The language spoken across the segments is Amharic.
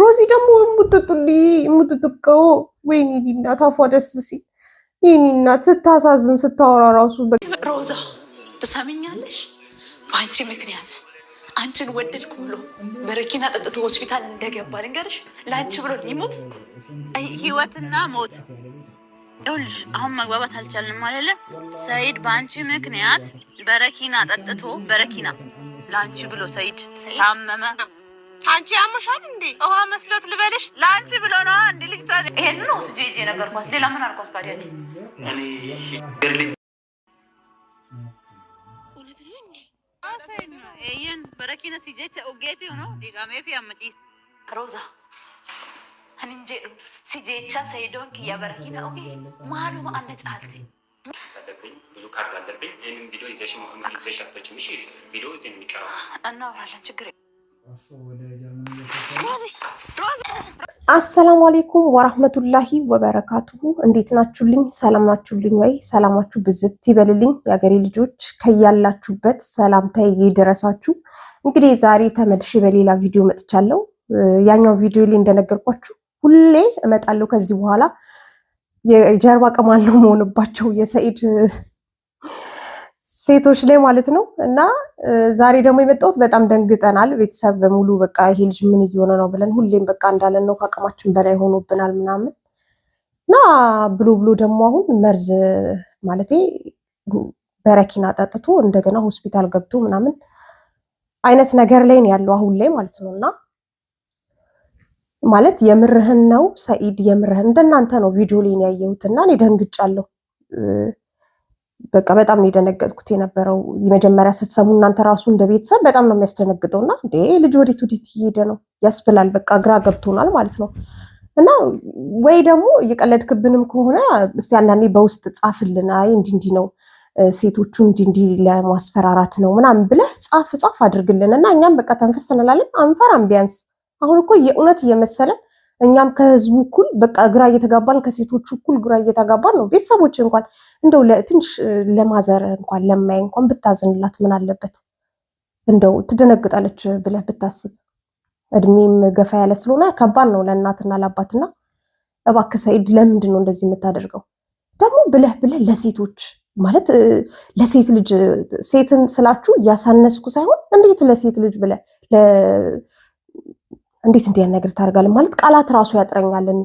ሮዚ ደግሞ የምትጥልይ የምትጥቀው ወይኔ እናት አፏ ደስ ሲል ይህኔ እናት ስታሳዝን ስታወራ ራሱ ሮዛ ትሰምኛለሽ? በአንቺ ምክንያት አንቺን ወደድኩ ብሎ በረኪና ጠጥቶ ሆስፒታል እንደገባ ልንገርሽ፣ ለአንቺ ብሎ ሊሞት ህይወትና ሞት ይኸውልሽ። አሁን መግባባት አልቻልንም አይደለም ሰይድ። በአንቺ ምክንያት በረኪና ጠጥቶ በረኪና ለአንቺ ብሎ ሰይድ ታመመ። አንቺ ያመሻል እንዴ? ውሃ መስሎት ልበልሽ? ለአንቺ ብሎ ነዋ። አንድ ልጅ ይሄን ነው ስጄ ጄ ነገርኳት። ሌላ ምን አልኳት? ጋር ያለ በረኪነ ሲጀች ኡጌቲ ሆኖ ዲቃሜፊ አመጪ ሮዛ እንጀዱ ሲጄቻ ሰይዶን ክያ በረኪና ኦኬ ማአነ አነጫልቴ ብዙ ካርድ አለብኝ። ይህንን ቪዲዮ ይዘሽ ቪዲዮ ይዘን እናወራለን። ችግር አሰላሙ አሌይኩም ወራህመቱላሂ ወበረካቱሁ። እንዴት ናችሁልኝ? ሰላም ናችሁልኝ ወይ? ሰላማችሁ ብዝት ይበልልኝ። የአገሬ ልጆች ከያላችሁበት ሰላምታ ይድረሳችሁ። እንግዲህ ዛሬ ተመልሼ በሌላ ቪዲዮ መጥቻለሁ። ያኛው ቪዲዮ ላይ እንደነገርኳችሁ ሁሌ እመጣለሁ ከዚህ በኋላ የጀርባ ቅማል መሆንባቸው የሰኢድ ሴቶች ላይ ማለት ነው። እና ዛሬ ደግሞ የመጣሁት በጣም ደንግጠናል። ቤተሰብ በሙሉ በቃ ይሄ ልጅ ምን እየሆነ ነው ብለን ሁሌም በቃ እንዳለን ነው፣ ከአቅማችን በላይ ሆኖብናል ምናምን እና ብሎ ብሎ ደግሞ አሁን መርዝ ማለቴ በረኪና ጠጥቶ እንደገና ሆስፒታል ገብቶ ምናምን አይነት ነገር ላይ ነው ያለው አሁን ላይ ማለት ነው። እና ማለት የምርህን ነው ሰኢድ፣ የምርህን እንደናንተ ነው ቪዲዮ ላይ እና እኔ ደንግጫለሁ። በቃ በጣም ነው የደነገጥኩት የነበረው። የመጀመሪያ ስትሰሙ እናንተ ራሱ እንደ ቤተሰብ በጣም ነው የሚያስደነግጠው። እና እንዴ ልጅ ወዴት ወዴት እየሄደ ነው ያስብላል። በቃ ግራ ገብቶናል ማለት ነው። እና ወይ ደግሞ እየቀለድክብንም ከሆነ እስቲ አንዳንዴ በውስጥ ጻፍልን፣ አይ እንዲህ እንዲህ ነው ሴቶቹ እንዲህ እንዲህ ለማስፈራራት ነው ምናምን ብለህ ጻፍ ጻፍ አድርግልን እና እኛም በቃ ተንፈስ እንላለን። አንፈራም ቢያንስ አሁን እኮ የእውነት እየመሰለን እኛም ከህዝቡ እኩል በቃ ግራ እየተጋባን ከሴቶቹ እኩል ግራ እየተጋባን ነው። ቤተሰቦች እንኳን እንደው ትንሽ ለማዘር እንኳን ለማይ እንኳን ብታዝንላት ምን አለበት? እንደው ትደነግጣለች ብለህ ብታስብ እድሜም ገፋ ያለ ስለሆነ ከባድ ነው ለእናትና ለአባትና። እባክህ ሰኢድ ለምንድን ነው እንደዚህ የምታደርገው? ደግሞ ብለህ ብለህ ለሴቶች ማለት ለሴት ልጅ ሴትን ስላችሁ እያሳነስኩ ሳይሆን እንዴት ለሴት ልጅ ብለህ እንዴት እንዲህ ነገር ታደርጋለህ? ማለት ቃላት ራሱ ያጥረኛልን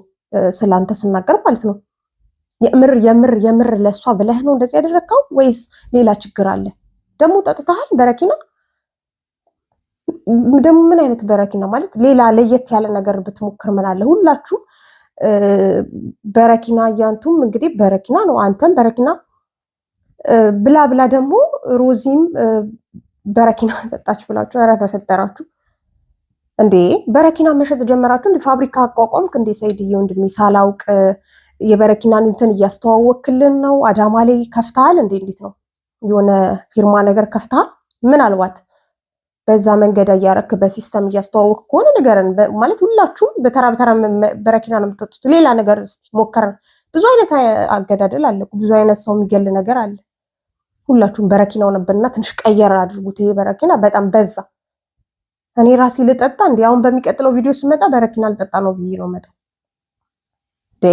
ስለአንተ ስናገር ማለት ነው። የምር የምር የምር ለእሷ ብለህ ነው እንደዚህ ያደረግከው ወይስ ሌላ ችግር አለ? ደግሞ ጠጥተሃል በረኪና? ደግሞ ምን አይነት በረኪና ማለት ሌላ ለየት ያለ ነገር ብትሞክር ምን አለ? ሁላችሁ በረኪና እያንቱም እንግዲህ በረኪና ነው፣ አንተም በረኪና ብላ ብላ ደግሞ ሮዚም በረኪና ጠጣች ብላችሁ ኧረ በፈጠራችሁ እንዴ በረኪና መሸጥ ጀመራችሁ? እንደ ፋብሪካ አቋቋምክ እንዴ? ሰይድዬ ወንድሜ ሳላውቅ የበረኪናን እንትን እያስተዋወክልን ነው። አዳማ ላይ ከፍተሃል እንዴ? እንዴት ነው የሆነ ፊርማ ነገር ከፍተሃል? ምናልባት በዛ መንገድ እያረክ በሲስተም እያስተዋወክ ከሆነ ንገረን። ማለት ሁላችሁም በተራ በተራ በረኪና ነው የምትጠጡት። ሌላ ነገር እስኪ ሞከረን። ብዙ አይነት አገዳደል አለ፣ ብዙ አይነት ሰው የሚገል ነገር አለ። ሁላችሁም በረኪናው ነበርና ትንሽ ቀየር አድርጉት። ይሄ በረኪና በጣም በዛ እኔ ራሴ ልጠጣ እንዲ አሁን በሚቀጥለው ቪዲዮ ስመጣ በረኪና ልጠጣ ነው ብዬ ነው መጣ ዴ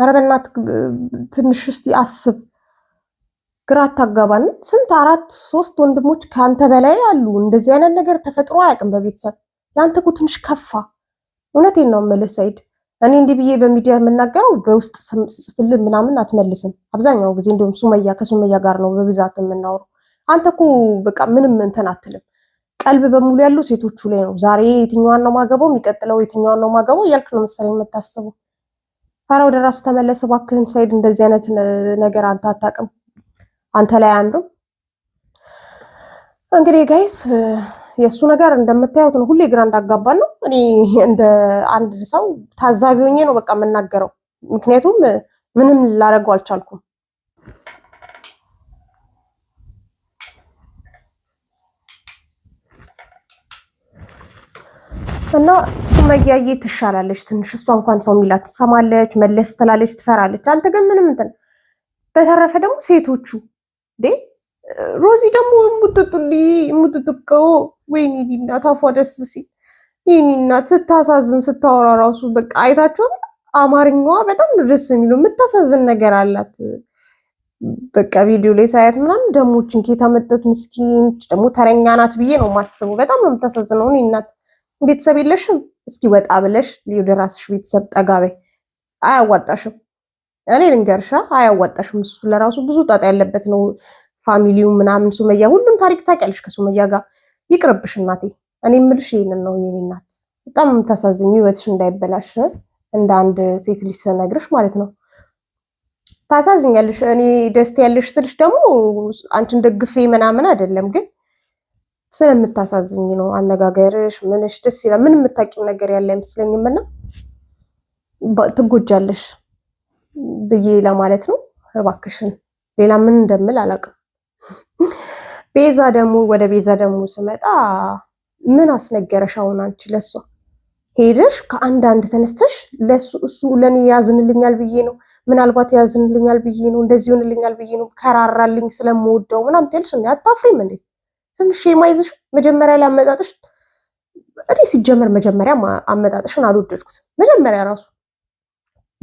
ኧረ በእናትህ ትንሽ እስቲ አስብ ግራ አታጋባን ስንት አራት ሶስት ወንድሞች ከአንተ በላይ አሉ እንደዚህ አይነት ነገር ተፈጥሮ አያውቅም በቤተሰብ ያንተ እኮ ትንሽ ከፋ እውነቴን ነው የምልህ ሰይድ እኔ እንዲህ ብዬ በሚዲያ የምናገረው በውስጥ ጽፍልህ ምናምን አትመልስም አብዛኛው ጊዜ እንዲሁም ሱመያ ከሱመያ ጋር ነው በብዛት የምናወሩ አንተ እኮ በቃ ምንም እንትን አትልም ቀልብ በሙሉ ያለው ሴቶቹ ላይ ነው። ዛሬ የትኛዋን ነው ማገባው፣ የሚቀጥለው የትኛዋን ነው ማገባው እያልክ ነው መሰለኝ የምታስበው። ኧረ ወደ ራስ ተመለስ እባክህን ሳይድ። እንደዚህ አይነት ነገር አንተ አታውቅም፣ አንተ ላይ አንዱ። እንግዲህ ጋይስ የእሱ ነገር እንደምታዩት ነው። ሁሌ ግራ እንዳጋባ ነው። እኔ እንደ አንድ ሰው ታዛቢ ሆኜ ነው በቃ የምናገረው፣ ምክንያቱም ምንም ላደርገው አልቻልኩም። እና እሱ መያየ ትሻላለች ትንሽ። እሷ እንኳን ሰው የሚላት ትሰማለች፣ መለስ ትላለች፣ ትፈራለች። አንተ ግን ምንም እንትን። በተረፈ ደግሞ ሴቶቹ ሮዚ ደግሞ ሙጥጡል ሙጥጡቀው ወይኔ እናት አፏ ደስ ሲል ይህኔ እናት ስታሳዝን ስታወራ ራሱ በቃ አይታቸው አማርኛዋ በጣም ደስ የሚለው። የምታሳዝን ነገር አላት። በቃ ቪዲዮ ላይ ሳያት ምናምን ደሞችን ኬታ መጠት ምስኪንች ደግሞ ተረኛ ናት ብዬ ነው ማስበው። በጣም ነው የምታሳዝነው እናት ቤተሰብ የለሽም? እስኪ ወጣ ብለሽ ልዩ ራስሽ ቤተሰብ ጠጋ አያዋጣሽም። እኔ ልንገርሻ፣ አያዋጣሽም። እሱ ለራሱ ብዙ ጣጣ ያለበት ነው። ፋሚሊው ምናምን፣ ሱመያ ሁሉም ታሪክ ታውቂያለሽ ከሱመያ ጋር። ይቅርብሽ እናቴ። እኔ ምልሽ ይህንን ነው የኔ እናት። በጣም የምታሳዝኙ ህይወትሽ እንዳይበላሽ እንደ አንድ ሴት ልጅ ስነግርሽ ማለት ነው። ታሳዝኛለሽ። እኔ ደስት ያለሽ ስልሽ ደግሞ አንቺን ደግፌ ምናምን አይደለም ግን ስለምታሳዝኝ ነው። አነጋገርሽ ምንሽ ደስ ይላል። ምን የምታውቂው ነገር ያለ አይመስለኝም እና ትጎጃለሽ ብዬ ለማለት ነው። እባክሽን ሌላ ምን እንደምል አላውቅም። ቤዛ ደግሞ ወደ ቤዛ ደግሞ ስመጣ ምን አስነገረሽ አሁን አንቺ ለሷ ሄደሽ ከአንድ አንድ ተነስተሽ ለሱ እሱ ለኔ ያዝንልኛል ብዬ ነው፣ ምናልባት ያዝንልኛል ብዬ ነው፣ እንደዚህ ይሆንልኛል ብዬ ነው፣ ከራራልኝ ስለምወደው ምናምን ትልሽ አታፍሪም እንዴ? ትንሽ የማይዝሽ መጀመሪያ ላይ አመጣጥሽ እኔ ሲጀመር መጀመሪያ አመጣጥሽን አልወደድኩት። መጀመሪያ ራሱ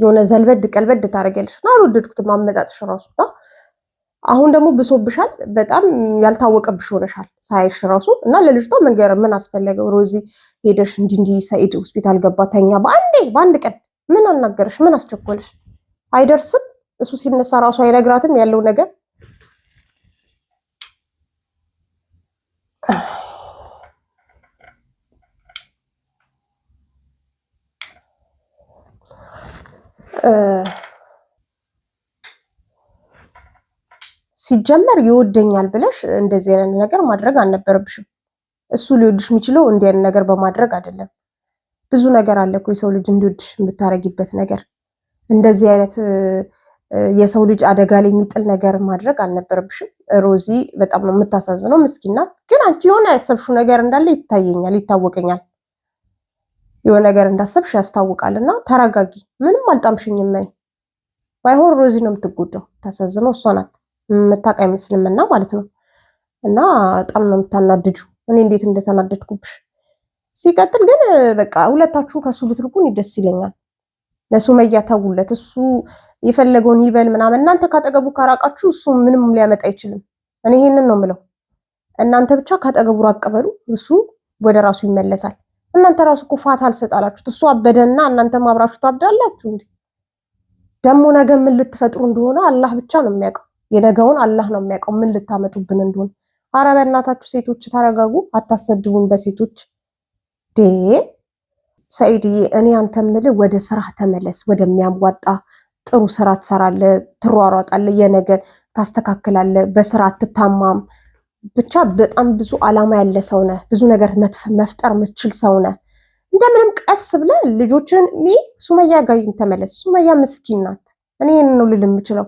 የሆነ ዘልበድ ቀልበድ ታደርጊያለሽ እና አልወደድኩትም አመጣጥሽ ራሱ። አሁን ደግሞ ብሶብሻል፣ በጣም ያልታወቀብሽ ሆነሻል ሳይሽ ራሱ እና ለልጅቷ መንገር ምን አስፈለገው? ሮዚ ሄደሽ እንዲ እንዲ ሰኢድ ሆስፒታል ገባ ተኛ፣ በአንዴ በአንድ ቀን ምን አናገረሽ? ምን አስቸኮልሽ? አይደርስም እሱ ሲነሳ ራሱ አይነግራትም ያለው ነገር ሲጀመር ይወደኛል ብለሽ እንደዚህ አይነት ነገር ማድረግ አልነበረብሽም። እሱ ሊወድሽ የሚችለው እንዲህ አይነት ነገር በማድረግ አይደለም። ብዙ ነገር አለ እኮ የሰው ልጅ እንዲወድሽ የምታረጊበት ነገር። እንደዚህ አይነት የሰው ልጅ አደጋ ላይ የሚጥል ነገር ማድረግ አልነበረብሽም። ሮዚ በጣም ነው የምታሳዝነው፣ ምስኪናት ግን አንቺ የሆነ ያሰብሽው ነገር እንዳለ ይታየኛል፣ ይታወቀኛል። የሆነ ነገር እንዳሰብሽ ያስታውቃል። እና ተረጋጊ፣ ምንም አልጣምሽኝም። እኔ ባይሆን ሮዚ ነው የምትጎዳው። ተሰዝነው እሷ ናት የምታውቅ አይመስልም። እና ማለት ነው እና በጣም ነው የምታናድጁ። እኔ እንዴት እንደተናደድኩብሽ። ሲቀጥል ግን በቃ ሁለታችሁ ከሱ ብትርቁን ደስ ይለኛል። ለሱመያ ተውለት፣ እሱ የፈለገውን ይበል ምናምን። እናንተ ካጠገቡ ካራቃችሁ እሱ ምንም ሊያመጣ አይችልም። እኔ ይሄንን ነው ምለው። እናንተ ብቻ ካጠገቡ ራቅ በሉ፣ እሱ ወደ ራሱ ይመለሳል። እናንተ ራሱ እኮ ፋታ አልሰጣላችሁት። እሱ አበደና እናንተም አብራችሁ ታብዳላችሁ። እንዲ ደግሞ ነገ ምን ልትፈጥሩ እንደሆነ አላህ ብቻ ነው የሚያውቀው። የነገውን አላህ ነው የሚያውቀው ምን ልታመጡብን እንደሆነ። ኧረ በእናታችሁ ሴቶች ተረጋጉ፣ አታሰድቡን። በሴቶች ዴ ሰኢድዬ፣ እኔ አንተ የምልህ ወደ ስራ ተመለስ። ወደሚያዋጣ ጥሩ ስራ ትሰራለህ፣ ትሯሯጣለህ፣ የነገር ታስተካክላለህ፣ በስራ አትታማም። ብቻ በጣም ብዙ አላማ ያለ ሰው ነህ። ብዙ ነገር መፍጠር የምትችል ሰው ነህ። እንደምንም ቀስ ብለህ ልጆችን ሚ ሱመያ ጋር ተመለስ። ሱመያ ምስኪን ናት። እኔ ይህን ነው ልል የምችለው።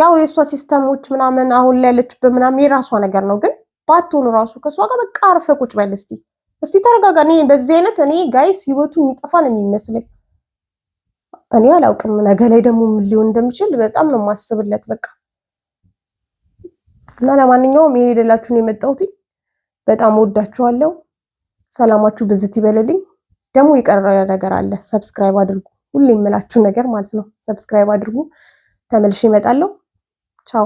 ያው የእሷ ሲስተሞች ምናምን አሁን ላይ ያለችበት ምናምን የራሷ ነገር ነው። ግን ባትሆኑ ራሱ ከእሷ ጋር በቃ አርፈ ቁጭ በል እስቲ እስቲ ተረጋጋ። እኔ በዚህ አይነት እኔ ጋይስ ህይወቱ የሚጠፋ ነው የሚመስለኝ። እኔ አላውቅም። ነገ ላይ ደግሞ ምን ሊሆን እንደሚችል በጣም ነው የማስብለት በቃ እና ለማንኛውም ይሄ ሌላችሁን የመጣሁት በጣም ወዳችኋለሁ። ሰላማችሁ ብዝት ይበልልኝ። ደግሞ የቀረ ነገር አለ፣ ሰብስክራይብ አድርጉ። ሁሌ የምላችሁ ነገር ማለት ነው። ሰብስክራይብ አድርጉ። ተመልሼ እመጣለሁ። ቻው